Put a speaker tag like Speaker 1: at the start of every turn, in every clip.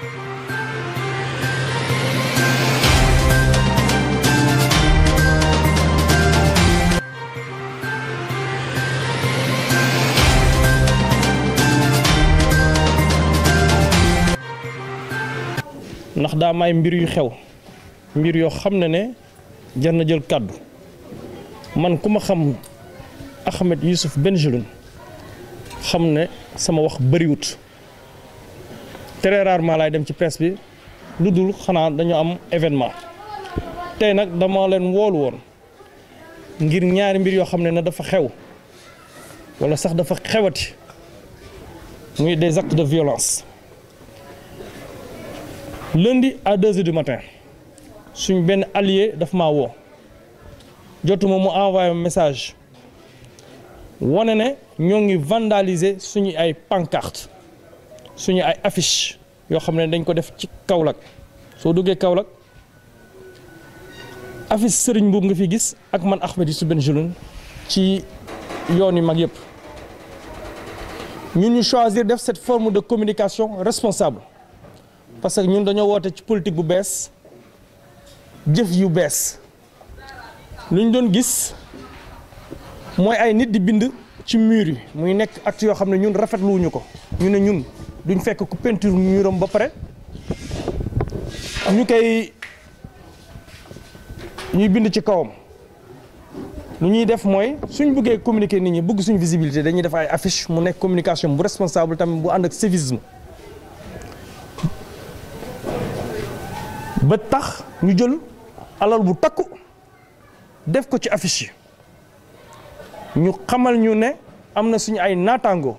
Speaker 1: ndax daa may mbir yu xew mbir yoo xam ne ne jar na jël kàddu man ku ma xam Ahmed Youssouf Bengelloune xam ne sama wax bariwut très rarement lay dem ci presse bi lu xana dañu am événement tay nak dama len wol won ngir ñaari mbir yo xam na dafa xew wala sax dafa xewati muy des actes de violence lundi à 2 h du matin suñ ben allié daf ma wo jotuma mu un message wane ne ñoo vandaliser suñu ay pancarte suñu ay affiche yo xamne dañ ko def ci Kaolack so duggé Kaolack affiche serigne boobu nga fi gis ak man Ahmed Youssouf Bengelloune ci yoon yu mag yëpp ñun ñu choisir def cette forme de communication responsable parce que ñun dañu woote ci politique bu bess jëf yu bess luñ doon gis moy ay nit di bind ci mur yi muy nek acte yo xamne ñun rafet luñu ko ñune ñun duñ fekk ku ñu muram ba pare ñu koy ñuy bind ci kawam lu ñuy def mooy suñ buggee communiquer nit ñi bugg suñu visibilité dañuy def ay affiche mu nekk communication bu responsable tamit bu ànd ak civisme ba tax ñu jël alal bu takku def ko ci affiche yi ñu xamal ñu ne am na suñu ay naataango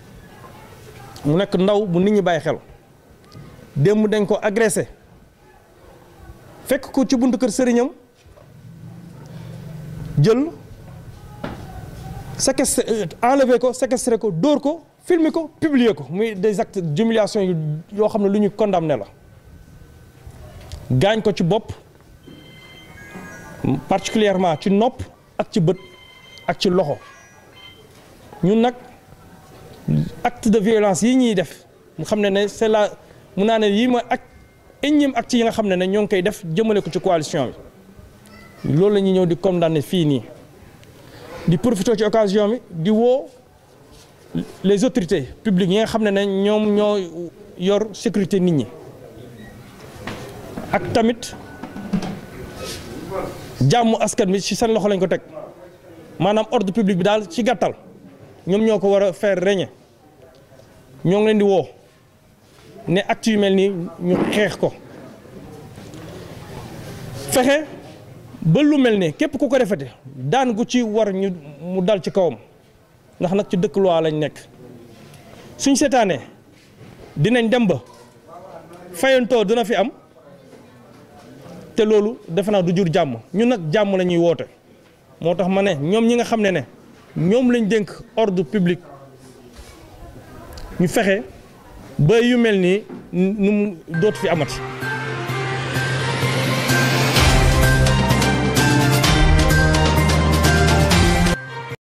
Speaker 1: mu nekk ndaw bu nit ñi bàyyi xel démb dañ ko agressé fekk ko ci buntu kër sëriñam jël séquestre euh, enlevé ko séquestré ko dóor ko filmer ko publier ko muy des actes d'humiliation yu yoo xam ne lu ñuy condamné la gaañ ko ci bopp particulièrement ci nopp ak ci bët ak ci loxo ñun nag acte de violence yi ñuy def mu xam ne ne c'est la mun naa ne yii mooy ak énième acte yi nga xam ne ne ñoo ngi koy def jëmale ko ci coalition bi loolu la ñuy ñëw di condamner fii nii di profiter ci occasion bi di woo les autorités publiques yi nga xam ne ne ñoom ñoo yor sécurité nit ñi ak tamit jàmm askan bi ci seen loxo lañ ko teg maanaam ordre public bi daal ci gàttal ñoom ñoo ko war a faire régner ñoo ngi leen di woo ne acte yu mel nii ñu xeex ko fexe ba lu mel ne képp ku ko defete daan gu ci war ñu mu dal ci kawam ndax nag ci dëkk loi lañ nekk suñ seetaanee dinañ dem ba fayantoo dina fi am te loolu defe naa du jur jàmm ñun nag jàmm lañuy woote moo tax ma ne ñoom ñi nga xam ne ne ñoom lañ dénk ordre public Nous ferons ba nous